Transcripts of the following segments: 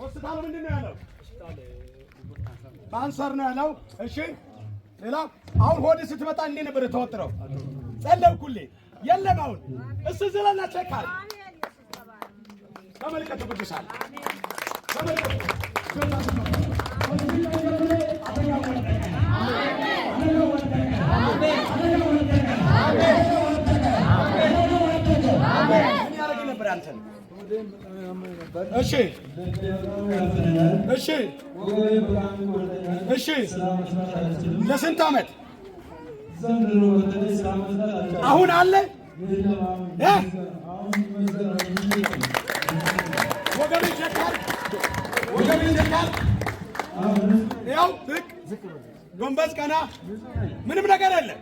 ሆስፒታል ምንድን ነው ያለው? ካንሰር ነው ያለው። እሺ ሌላ አሁን ሆድ ስትመጣ እንዴ ነበር ተወጥረው ጸለብኩሌ የለም። አሁን እሱ ዝለና ቸካል ተመልከቱ ቅዱሳን ተመልከቱ ምን ያደርግ ነበር አንተን እሺ እሺ እሺ። ለስንት ዓመት አሁን አለ ያው ዝቅ ጎንበስ ቀና፣ ምንም ነገር የለም።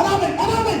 አላምን አላምን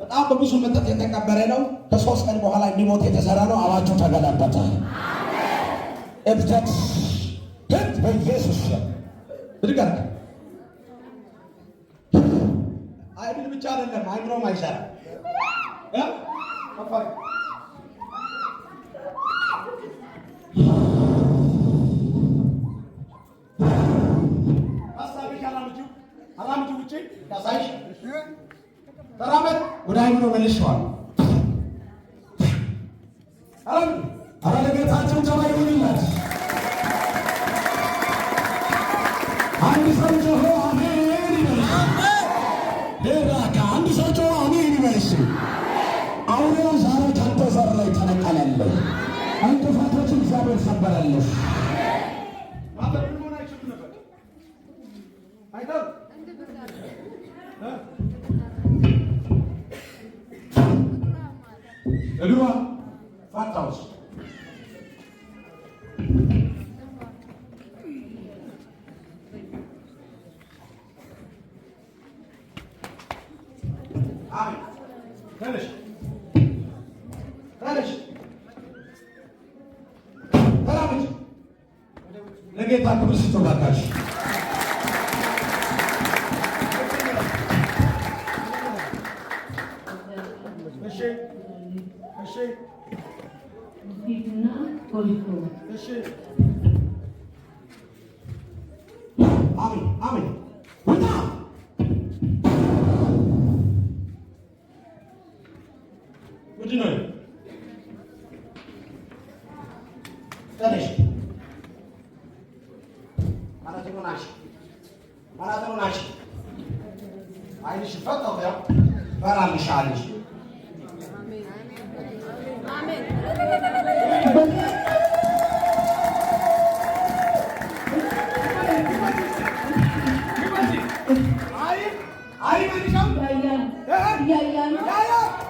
በጣም በብዙ መጠጥ የተቀበረ ነው። ከሶስት ቀን በኋላ እንዲሞት የተሰራ ነው። አዋጁ ተገለበጠ። እብደት ህግ በኢየሱስ ብድጋር አይብል ብቻ አይደለም አይምሮም አይሰራም። አላምድ ውጭ ያሳይሽ ተራመድ ወደ አይምሮ መልሸዋል። አላምድ አረለጌታችን ጀባ ይሁንላት። አንድ ሰው ጆሆ አሜን ይበልሽ። ሌላካ አንድ ሰው ጆሆ አሜን ይበልሽ። አውሬው ዛሬ ካንተ ዘር ላይ ተነቀለለሁ። እንቅፋቶችን እግዚአብሔር ሰበረለሽ። Haydar. Ha? Elua. Fat House. Abi. Kardeş. Kardeş. Kardeş. Ne kadar kıbrısı toplar kardeş. ዳዊት ነው። አሜን አሜን። ወጣ ምንድነው? አይንሽ ፈጠው በራልሻለሽ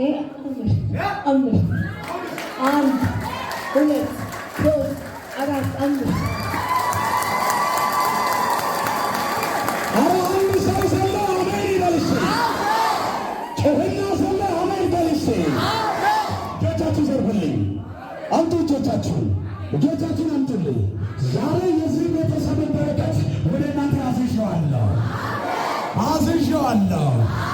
አምስት አንድ ሁለት ሶስት አራት አምስት እጆቻችሁ ዘርፍልኝ። አምጡ እጆቻችሁን እጆቻችሁን አምጡልኝ። ዛሬ የዚህ ቤተሰብ በረከት ወደ እናንተ አዝዤዋለሁ አዝዤዋለሁ።